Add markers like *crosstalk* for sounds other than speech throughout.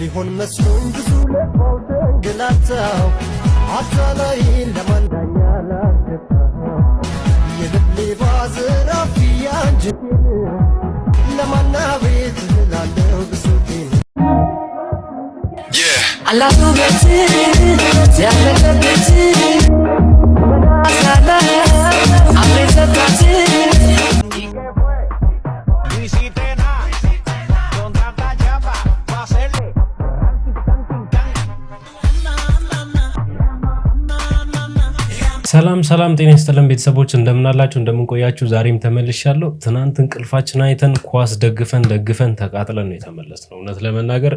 ሊሆን መስሎኝ ብዙ ለፋውደን ግላታው አታላይ ለማንዳኛ ላገታ የልብ ባዝራፊ አንጅቴን ለማና ላለው ብሶቴን አላሉበት ያለበት አብሬ ሰጣችን ሰላም ሰላም፣ ጤና ይስጥልን ቤተሰቦች፣ እንደምናላችሁ እንደምንቆያችሁ፣ ዛሬም ተመልሻለሁ። ትናንት እንቅልፋችን አይተን ኳስ ደግፈን ደግፈን ተቃጥለን ነው የተመለስነው። እውነት ለመናገር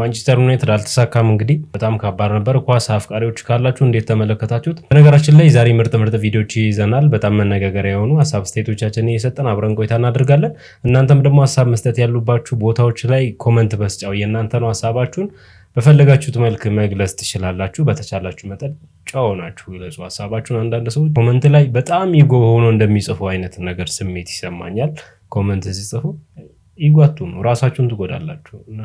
ማንቸስተር ዩናይትድ አልተሳካም። እንግዲህ በጣም ከባድ ነበር። ኳስ አፍቃሪዎች ካላችሁ እንዴት ተመለከታችሁት? በነገራችን ላይ ዛሬ ምርጥ ምርጥ ቪዲዮዎች ይዘናል። በጣም መነጋገሪያ የሆኑ ሀሳብ ስቴቶቻችን እየሰጠን አብረን ቆይታ እናደርጋለን። እናንተም ደግሞ ሀሳብ መስጠት ያሉባችሁ ቦታዎች ላይ ኮመንት መስጫው የእናንተ ነው ሀሳባችሁን በፈለጋችሁት መልክ መግለጽ ትችላላችሁ። በተቻላችሁ መጠን ጨዋ ናችሁ ግለጹ ሀሳባችሁን። አንዳንድ ሰዎች ኮመንት ላይ በጣም ኢጎ ሆኖ እንደሚጽፉ አይነት ነገር ስሜት ይሰማኛል። ኮመንት ሲጽፉ ይጓቱ ነው፣ ራሳችሁን ትጎዳላችሁ እና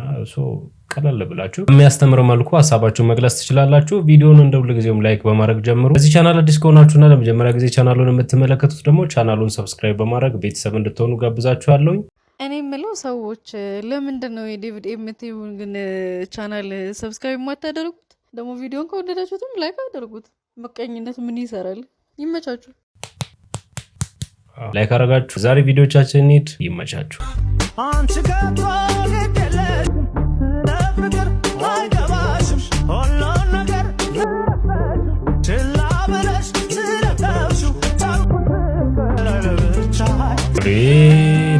ቀለል ብላችሁ በሚያስተምር መልኩ ሀሳባችሁን መግለጽ ትችላላችሁ። ቪዲዮን እንደ ሁልጊዜውም ላይክ በማድረግ ጀምሩ። በዚህ ቻናል አዲስ ከሆናችሁና ለመጀመሪያ ጊዜ ቻናሉን የምትመለከቱት ደግሞ ቻናሉን ሰብስክራይብ በማድረግ ቤተሰብ እንድትሆኑ ጋብዛችኋለሁኝ። እኔ የምለው ሰዎች ለምንድን ነው የዴቪድ ኤምቲውን ግን ቻናል ሰብስክራይብ የማታደርጉት? ደግሞ ቪዲዮን ከወደዳችሁትም ላይክ አደርጉት። መቀኝነት ምን ይሰራል? ይመቻችሁ። ላይክ አረጋችሁ ዛሬ ቪዲዮቻችን እንሂድ። ይመቻችሁ። አንቺ ነገር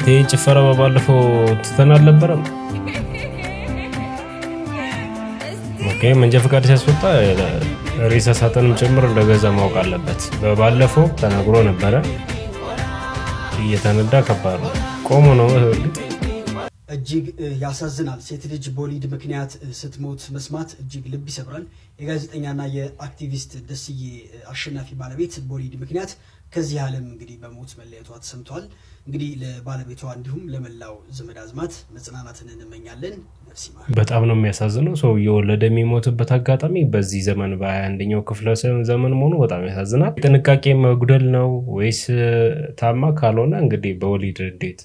ይህ ጭፈራ በባለፈው ትተን አልነበረም? ኦኬ መንጃ ፈቃድ ሲያስወጣ ሬሳ ሳጥንም ጭምር እንደገዛ ማወቅ አለበት። በባለፈው ተናግሮ ነበረ። እየተነዳ ከባድ ነው። ቆሞ ነው እርግጥ እጅግ ያሳዝናል። ሴት ልጅ በወሊድ ምክንያት ስትሞት መስማት እጅግ ልብ ይሰብራል። የጋዜጠኛና የአክቲቪስት ደስዬ አሸናፊ ባለቤት በወሊድ ምክንያት ከዚህ ዓለም እንግዲህ በሞት መለየቷ ተሰምቷል። እንግዲህ ለባለቤቷ እንዲሁም ለመላው ዘመድ አዝማት መጽናናትን እንመኛለን። በጣም ነው የሚያሳዝነው። ሰው እየወለደ የሚሞትበት አጋጣሚ በዚህ ዘመን በአንደኛው 21 ክፍለ ዘመን መሆኑ በጣም ያሳዝናል። የጥንቃቄ መጉደል ነው ወይስ ታማ ካልሆነ እንግዲህ በወሊድ እንዴት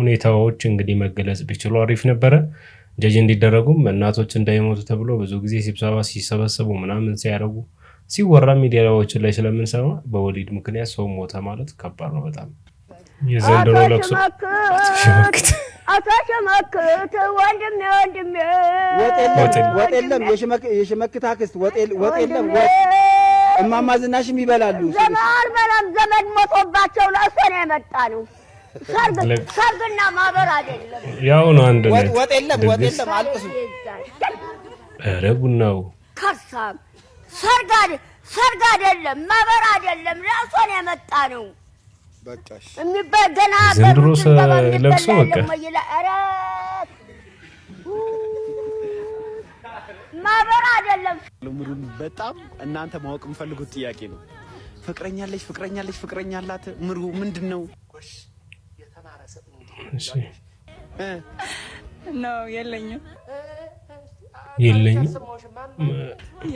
ሁኔታዎች እንግዲህ መገለጽ ቢችሉ አሪፍ ነበረ። ጀጅ እንዲደረጉም እናቶች እንዳይሞቱ ተብሎ ብዙ ጊዜ ስብሰባ ሲሰበሰቡ ምናምን ሲያደርጉ ሲወራ ሚዲያዎች ላይ ስለምንሰማ በወሊድ ምክንያት ሰው ሞተ ማለት ከባድ ነው በጣም የዘንድሮ ለቅሶ አቶ ወንድሜ ወንድሜ ወጥ የለም አክስት ወጥ የለም። እማማ ዝናሽም ይበላሉ። አልበላም። ዘመድ ሞቶባቸው ለእሱ ነው የመጣ ነው። ሰርግና ማህበር አይደለም። ያው ነው አንድ ነው። ወጥ የለም፣ ወጥ የለም። አልቅሱ። ኧረ ቡናው ከርሳም ሰርግ አይደለም፣ ማህበር አይደለም። ለእሱ ነው የመጣ ነው። ዘንድሮ ለብሶ በቃ ማህበር አይደለም። በጣም እናንተ ማወቅ የምፈልጉት ጥያቄ ነው። ፍቅረኛ አለች፣ ፍቅረኛ አለች፣ ፍቅረኛ አላት። ምሩ ምንድን ነው? የለኝም፣ የለኝም፣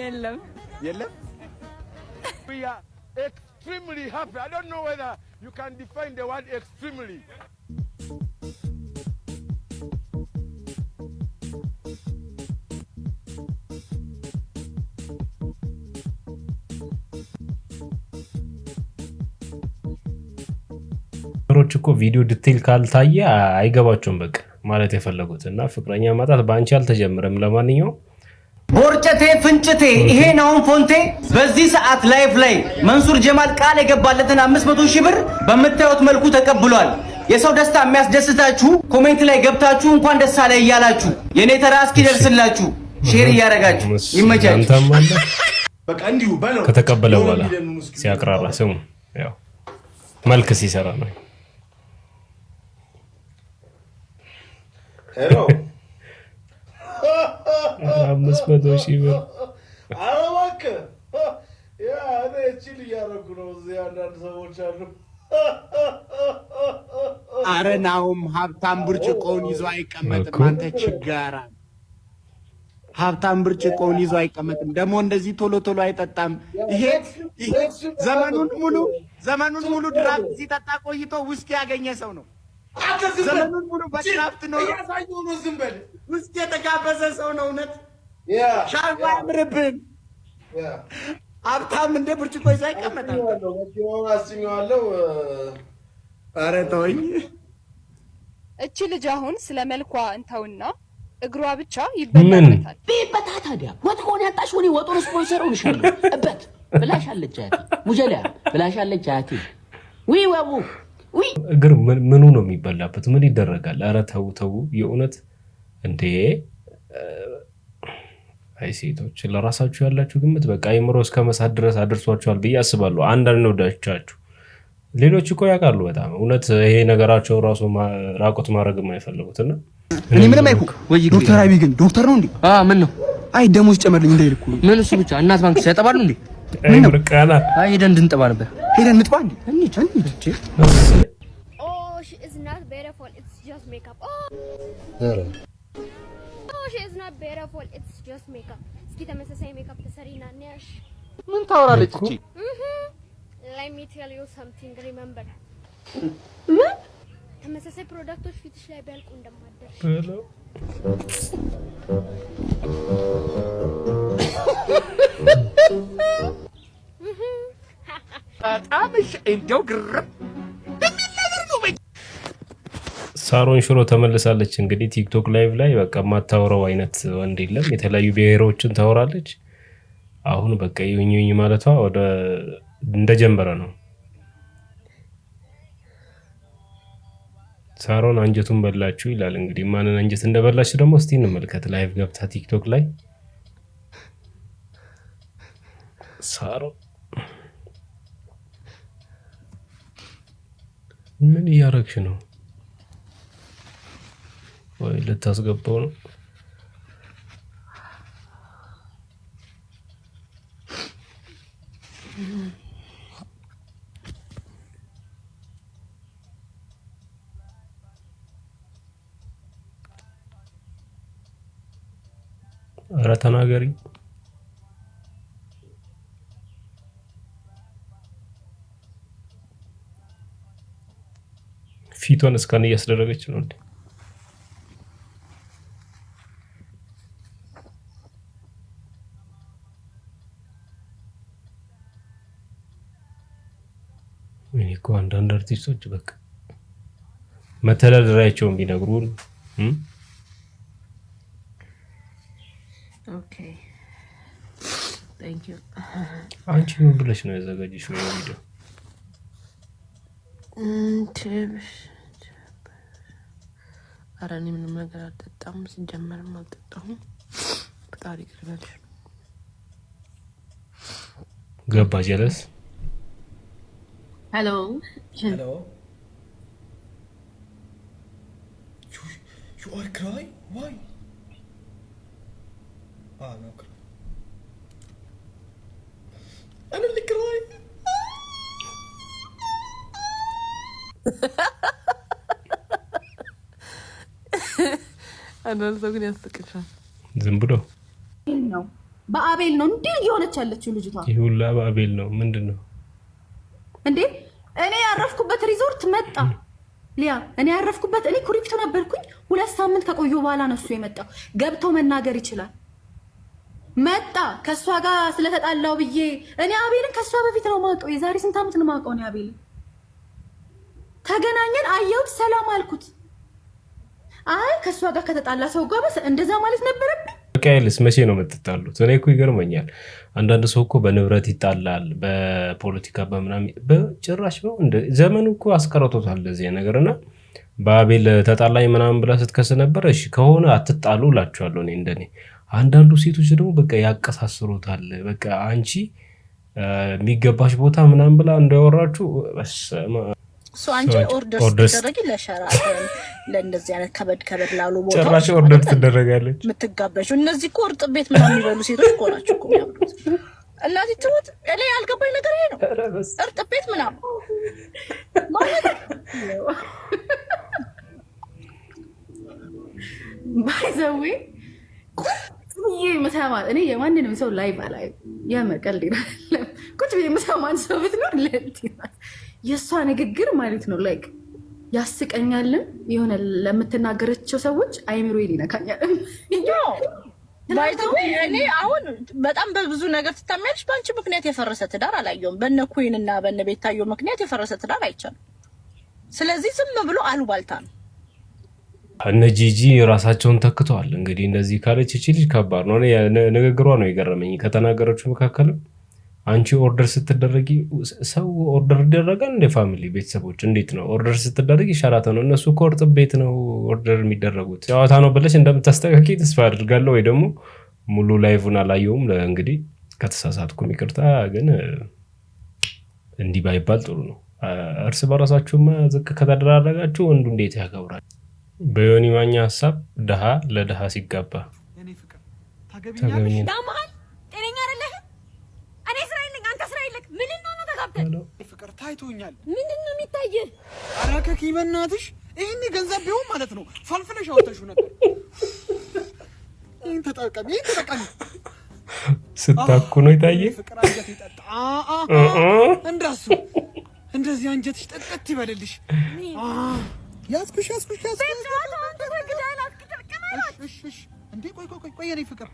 የለም፣ የለም you can define the word extremely. ነገሮች እኮ ቪዲዮ ዲቴይል ካልታየ አይገባቸውም በቃ ማለት የፈለጉት እና ፍቅረኛ ማጣት በአንቺ አልተጀመረም። ለማንኛውም ቆርጨቴ ፍንጭቴ ይሄ ነውን ፎንቴ በዚህ ሰዓት ላይፍ ላይ መንሱር ጀማል ቃል የገባለትን 500 ሺህ ብር በምታዩት መልኩ ተቀብሏል። የሰው ደስታ የሚያስደስታችሁ ኮሜንት ላይ ገብታችሁ እንኳን ደስ አለ እያላችሁ የኔ ተራ እስኪደርስላችሁ ሼር እያደረጋችሁ ይመቻችሁ። ከተቀበለ በኋላ ሲያቅራራ ስሙ ያው መልክ ሲሰራ ነው። አምስት መቶ ሺህ ብር ኧረ ነው። እዚህ አንዳንድ ሰዎች አሉ። አረ ናሁም ሀብታም ብርጭቆውን ይዞ አይቀመጥም። አንተ ችጋራ ሀብታም ብርጭቆውን ይዞ አይቀመጥም። ደግሞ እንደዚህ ቶሎ ቶሎ አይጠጣም። ይሄ ዘመኑን ሙሉ ዘመኑን ሙሉ ድራፍት ሲጠጣ ቆይቶ ውስኪ ያገኘ ሰው ነው። ዘመኑን ሙሉ በክራፍት ነው ውስጥ የተጋበዘ ሰው ነው። እውነት ሻርባ አያምርብህም። ሀብታም እንደ ብርጭቆ ይዛ ይቀመጣል። ኧረ ተወኝ። እቺ ልጅ አሁን ስለ መልኳ እንተውና እግሯ ብቻ ይበላታል። ቤበታ ታዲያ ወጥ ከሆነ ያጣሽ ሆኔ ወጡን ስፖንሰር ሆንሻለሁ እበት ብላሻለች አያቴ ሙጀሊያ ብላሻለች አያቴ ዊ ወቡ እግር ምኑ ነው የሚበላበት? ምን ይደረጋል? ኧረ ተው ተው፣ የእውነት እንዴ! አይ ሴቶች ለራሳችሁ ያላችሁ ግምት በቃ አይምሮ እስከ መሳት ድረስ አድርሷችኋል ብዬ አስባለሁ። አንዳንድ ነው ዳቻችሁ፣ ሌሎች እኮ ያውቃሉ በጣም እውነት ይሄ ነገራቸው ራሱ ራቁት ማድረግ የማይፈልጉት የማይፈልጉትና እኔ ምንም አይኩ ዶክተር አብይ ግን ዶክተር ነው እንዴ? ምን ነው? አይ ደሞዝ ጨመርልኝ እንዳይልኩ ምን እሱ ብቻ እናት ባንክ ያጠባሉ እንዴ? ምን ነው ቃላ አይ ሄደን እንድንጠባ ነበር ሄደን እንጥባ ምን ታወራለች? ተመሳሳይ ፕሮዳክቶች ፊትሽ ላይ ቢያልቁ እንደማደርሽ በጣም እንደው ግርም ሳሮን ሽሮ ተመልሳለች። እንግዲህ ቲክቶክ ላይቭ ላይ በቃ የማታወራው አይነት ወንድ የለም። የተለያዩ ብሔሮችን ታወራለች። አሁን በቃ ይኝኝ ማለቷ ወደ እንደጀመረ ነው። ሳሮን አንጀቱን በላችሁ ይላል። እንግዲህ ማንን አንጀት እንደበላች ደግሞ እስቲ እንመልከት። ላይቭ ገብታ ቲክቶክ ላይ ሳሮን ምን እያረግሽ ነው? ወይ ልታስገባው ነው? ኧረ ተናገሪ። ፊቷን እስካን እያስደረገች ነው። እኔ እኮ አንዳንድ አርቲስቶች በቃ መተዳደሪያቸውን ቢነግሩን አንቺ ምን ብለሽ ነው ያዘጋጀሽ ነው ቪዲዮ ኧረ እኔ ምንም ነገር አልጠጣም፣ ሲጀመርም አልጠጣሁም። ፈጣሪ ይቅር በልሽ። ገባ ጀለስ ሄሎ ሄሎ አንዳንድ ሰው ግን ያስቅሻል። ዝም ብሎ ነው በአቤል ነው እንዴ እየሆነች ያለችው ልጅቷ? ይህ ሁላ በአቤል ነው ምንድን ነው እንዴ? እኔ ያረፍኩበት ሪዞርት መጣ ሊያ። እኔ ያረፍኩበት እኔ ኩሪፍቱ ነበርኩኝ። ሁለት ሳምንት ከቆዩ በኋላ ነው እሱ የመጣው። ገብቶ መናገር ይችላል። መጣ ከእሷ ጋር ስለተጣላው ብዬ እኔ አቤልን ከእሷ በፊት ነው ማውቀው። የዛሬ ስንት ዓመት ነው ማውቀው እኔ አቤልን ተገናኘን፣ አየሁት፣ ሰላም አልኩት። አይ ከእሷ ጋር ከተጣላ ሰው ጋር እንደዛ ማለት ነበረብኝ። በቃይልስ መቼ ነው የምትጣሉት? እኔ እኮ ይገርመኛል። አንዳንድ ሰው እኮ በንብረት ይጣላል፣ በፖለቲካ በምናምን በጭራሽ ዘመን እኮ አስቀርቶታል ለዚህ ነገር እና በአቤል ተጣላኝ ምናምን ብላ ስትከስ ነበረ። እሺ ከሆነ አትጣሉ እላችኋለሁ እኔ እንደኔ። አንዳንዱ ሴቶች ደግሞ በቃ ያቀሳስሩታል። በቃ አንቺ የሚገባሽ ቦታ ምናምን ብላ እንዳወራችሁ አንቺ ኦርደር ስትደረጊ ለሸራተን ለእንደዚህ አይነት ከበድ ከበድ ላሉ ቦታ ጭራሽ ኦርደር ትደረጋለች እነዚህ እኮ እርጥ ቤት ምናምን የሚበሉ ሴቶች እኮ ናቸው እኮ የሚያምሩት። እናዚህ እኔ ያልገባኝ ነገር ይሄ ነው። እርጥ ቤት ምናምን ማለት እኔ የማንንም ሰው ላይ አላይም። የምር ቀልድ ቁጭ የምሰማን ሰው ብትኖር ለእንትን የእሷ ንግግር ማለት ነው ላይክ ያስቀኛልም የሆነ ለምትናገረቸው ሰዎች አይምሮ ይነካኛል። እኔ አሁን በጣም በብዙ ነገር ትታሚያለሽ። በአንቺ ምክንያት የፈረሰ ትዳር አላየውም። በነ ኩን እና በነ ቤታዮ ምክንያት የፈረሰ ትዳር አይቻልም። ስለዚህ ዝም ብሎ አሉባልታ ነው። እነ ጂጂ ራሳቸውን ተክተዋል። እንግዲህ እንደዚህ ካለች ይቺ ልጅ ከባድ ነው። ንግግሯ ነው የገረመኝ ከተናገረችው መካከልም አንቺ ኦርደር ስትደረጊ ሰው ኦርደር ይደረጋል። እንደ ፋሚሊ ቤተሰቦች እንዴት ነው ኦርደር ስትደረጊ? ሸራተን ነው እነሱ እኮ ቤት ነው ኦርደር የሚደረጉት። ጨዋታ ነው ብለሽ እንደምታስተካኪ ተስፋ አድርጋለሁ። ወይ ደግሞ ሙሉ ላይቭን አላየውም። እንግዲህ ከተሳሳትኩም ይቅርታ። ግን እንዲህ ባይባል ጥሩ ነው። እርስ በራሳችሁማ ዝቅ ከተደራረጋችሁ ወንዱ እንዴት ያከብራል? በዮኒ ማኛ ሀሳብ ድሃ ለድሃ ሲጋባ ፍቅር ታይቶኛል። ምንድን ነው የሚታየህ? ኧረ ከኪ በእናትሽ ይህኔ ገንዘብ ቢሆን ማለት ነው ፈልፍለሽ አውጥተሽው ነበር። ይህን ተጠቀሚ፣ ይህን ተጠቀሚ። ስታኩ ነው የታየህ? ፍቅር አንጀት ይጠጣ። እንዳሱ እንደዚህ አንጀትሽ ጠጠት ይበልልሽ። ያዝኩሽ፣ ያዝኩሽ፣ ያዝኩሽ። እንዴ ቆይ ቆይ ቆይ፣ የኔ ፍቅር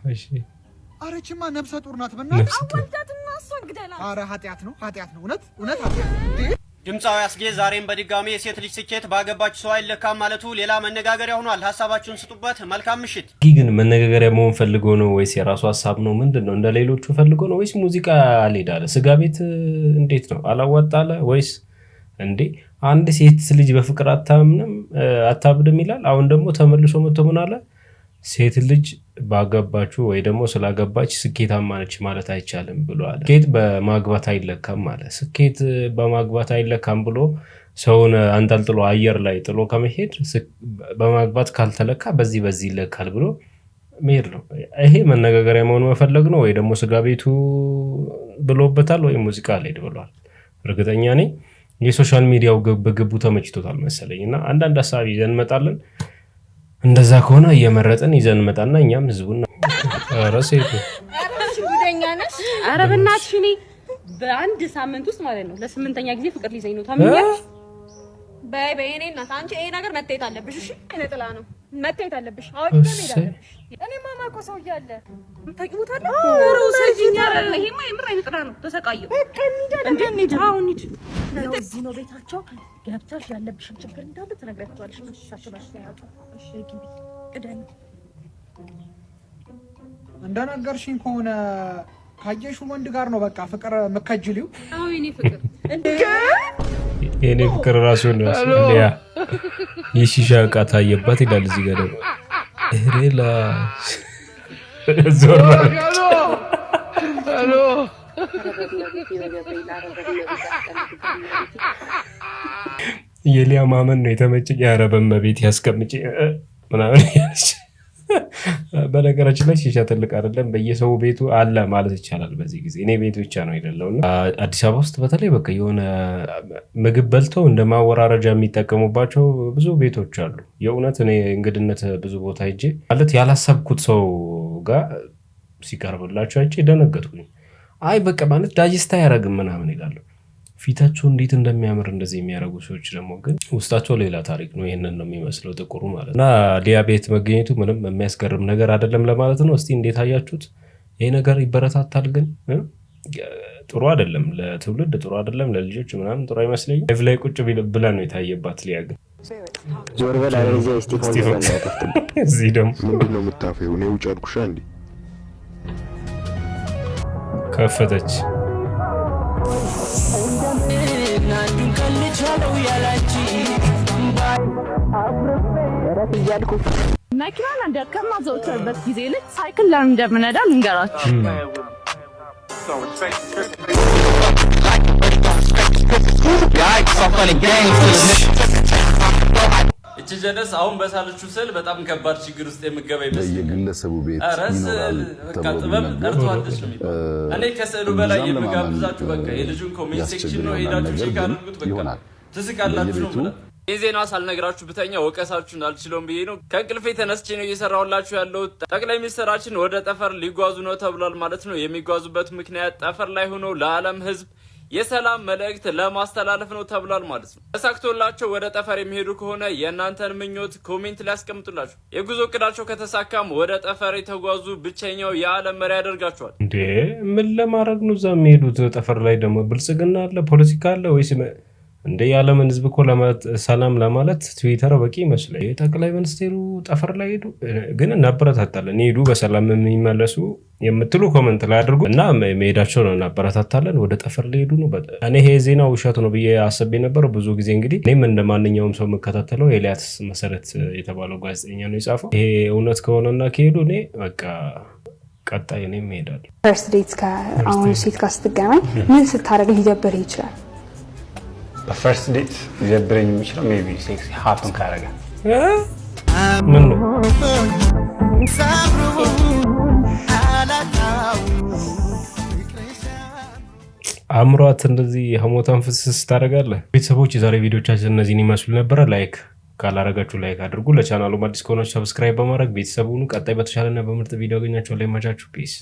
አረችማ ነብሰ ጡር ናት። በእናትሽ ኃጢአት ነው ኃጢአት ነው። እውነት እውነት ኃጢአት ድምፃዊ አስጌ ዛሬም በድጋሚ የሴት ልጅ ስኬት ባገባች ሰው አይለካም ማለቱ ሌላ መነጋገሪያ ሆኗል። ሀሳባችሁን ስጡበት። መልካም ምሽት። ግን መነጋገሪያ መሆን ፈልጎ ነው ወይስ የራሱ ሀሳብ ነው? ምንድን ነው? እንደ ሌሎቹ ፈልጎ ነው ወይስ ሙዚቃ አልሄዳለ ስጋ ቤት እንዴት ነው አላወጣለ ወይስ እንዴ? አንድ ሴት ልጅ በፍቅር አታምንም አታብድም ይላል። አሁን ደግሞ ተመልሶ መጥቶ ምን አለ ሴት ልጅ ባገባችሁ ወይ ደግሞ ስላገባች ስኬታማ ነች ማለት አይቻልም ብሏል። ስኬት በማግባት አይለካም ማለት ስኬት በማግባት አይለካም ብሎ ሰውን አንጠልጥሎ አየር ላይ ጥሎ ከመሄድ በማግባት ካልተለካ በዚህ በዚህ ይለካል ብሎ መሄድ ነው። ይሄ መነጋገሪያ መሆኑ መፈለግ ነው። ወይ ደግሞ ስጋ ቤቱ ብሎበታል፣ ወይም ሙዚቃ አልሄድ ብሏል። እርግጠኛ ነኝ የሶሻል ሚዲያው በግቡ ተመችቶታል መሰለኝ እና አንዳንድ ሀሳብ ይዘን እንመጣለን። እንደዛ ከሆነ እየመረጥን ይዘን መጣና እኛም ህዝቡን ረሴቱ ኧረ በእናትሽ እኔ በአንድ ሳምንት ውስጥ ማለት ነው ለስምንተኛ ጊዜ ፍቅር ሊዘኝ ነው። ታምኛለሽ? በይ በይ፣ እኔ እናት አንቺ ይሄ ነገር መታየት አለብሽ። እሺ፣ ነጥላ ነው መታየት አለብሽ። አውጪ መሄድ አለብሽ። እኔ ማማኮ ሰው እያለ ታቂቡታለ እዚህ ነው ቤታቸው። ገብተሽ ያለብሽን ችግር እንዳለ ትነግራቸዋለሽ። እንደነገርሽኝ ከሆነ ካየሽ ወንድ ጋር ነው በቃ ፍቅር የምከጅልው። የኔ ፍቅር ራሱ የሺሻ እቃ ታየባት ይላል። እዚህ ጋር ደግሞ ሬላ *laughs* ዞራ የሊያ ማመን ነው የተመቸኝ። የአረበመ ቤት ያስቀምጭ ምናምን ያለች በነገራችን ላይ ሺሻ ትልቅ አይደለም፣ በየሰው ቤቱ አለ ማለት ይቻላል። በዚህ ጊዜ እኔ ቤት ብቻ ነው የሌለውና አዲስ አበባ ውስጥ በተለይ በቃ የሆነ ምግብ በልተው እንደ ማወራረጃ የሚጠቀሙባቸው ብዙ ቤቶች አሉ። የእውነት እኔ እንግድነት ብዙ ቦታ ሄጄ ማለት ያላሰብኩት ሰው ጋር ሲቀርብላቸው አይቼ ደነገጥኩኝ። አይ በቃ ማለት ዳጅስታ ያደረግም ምናምን ይላሉ ፊታቸው እንዴት እንደሚያምር እንደዚህ የሚያደርጉ ሰዎች ደግሞ ግን ውስጣቸው ሌላ ታሪክ ነው። ይህንን ነው የሚመስለው ጥቁሩ ማለት እና ሊያ ቤት መገኘቱ ምንም የሚያስገርም ነገር አይደለም ለማለት ነው። እስቲ እንዴት አያችሁት? ይህ ነገር ይበረታታል ግን ጥሩ አይደለም፣ ለትውልድ ጥሩ አይደለም፣ ለልጆች ምናምን ጥሩ አይመስለኝም። ላይቭ ላይ ቁጭ ብለን ነው የታየባት። ሊያ ግን ዞር በል ደግሞ ምንድን ነው የምታፈው? እኔ ውጭ አልኩሻ እንዴ ከፈተች የምንችለው ያላንቺ መኪናን ከማዘውትርበት ጊዜ ይልቅ ሳይክል ለምን እንደምነዳ ልንገራችሁ። ጀነስ አሁን በሳለች ስል በጣም ከባድ ችግር ውስጥ የምገባ ይመስል የግለሰቡ ቤት ይኖራል ጥበብ እኔ ከስዕሉ በላይ የምጋብዛችሁ በቃ የልጁን ኮሜንት ሴክሽን ነው ሄዳችሁ ቼክ አድርጉት። በቃ ትስቃላችሁ ይህ ዜና ሳልነግራችሁ ብተኛ ወቀሳችሁን አልችለውም ብዬ ነው። ከእንቅልፌ ተነስቼ ነው እየሰራሁላችሁ ያለው። ጠቅላይ ሚኒስትራችን ወደ ጠፈር ሊጓዙ ነው ተብሏል ማለት ነው። የሚጓዙበት ምክንያት ጠፈር ላይ ሆኖ ለዓለም ህዝብ የሰላም መልእክት ለማስተላለፍ ነው ተብሏል ማለት ነው። ተሳክቶላቸው ወደ ጠፈር የሚሄዱ ከሆነ የእናንተን ምኞት ኮሜንት ላይ ያስቀምጡላችሁ። የጉዞ እቅዳቸው ከተሳካም ወደ ጠፈር የተጓዙ ብቸኛው የዓለም መሪ ያደርጋቸዋል። እንዴ ምን ለማድረግ ነው እዛ የሚሄዱት? ጠፈር ላይ ደግሞ ብልጽግና አለ፣ ፖለቲካ አለ ወይስ እንደ የዓለምን ህዝብ እኮ ሰላም ለማለት ትዊተር በቂ ይመስላል። የጠቅላይ ሚኒስቴሩ ጠፈር ላይ ሄዱ፣ ግን እናበረታታለን ሄዱ በሰላም የሚመለሱ የምትሉ ኮመንት ላይ አድርጉ እና ነው እናበረታታለን። ወደ ጠፈር ሊሄዱ ነው። እኔ ይሄ ዜና ውሸት ነው ብዬ አሰብ የነበረው ብዙ ጊዜ እንግዲህ እኔም እንደ ማንኛውም ሰው የምከታተለው ኤልያስ መሰረት የተባለው ጋዜጠኛ ነው የጻፈው። ይሄ እውነት ከሆነና ከሄዱ እኔ በቃ ቀጣይ እኔም እሄዳለሁ። ፈርስት ዴት ከአሁኑ ሴት ጋር ስትገናኝ ምን ስታደርግ ሊደብርህ ይችላል? ፈርስት ዴት ሊደብረኝ የሚችለው ሜይ ቢ ሴክስ ሀፕን ካረገ ምን ነው አእምሯት እንደዚህ የህሞታን ፍስስ ታደርጋለህ። ቤተሰቦች የዛሬ ቪዲዮቻችን እነዚህን ይመስሉ ነበረ። ላይክ ካላረጋችሁ ላይክ አድርጉ። ለቻናሉ አዲስ ከሆናችሁ ሰብስክራይብ በማድረግ ቤተሰቡን ቀጣይ በተሻለና በምርጥ ቪዲዮ አገኛችኋለሁ። ይመቻችሁ። ፒስ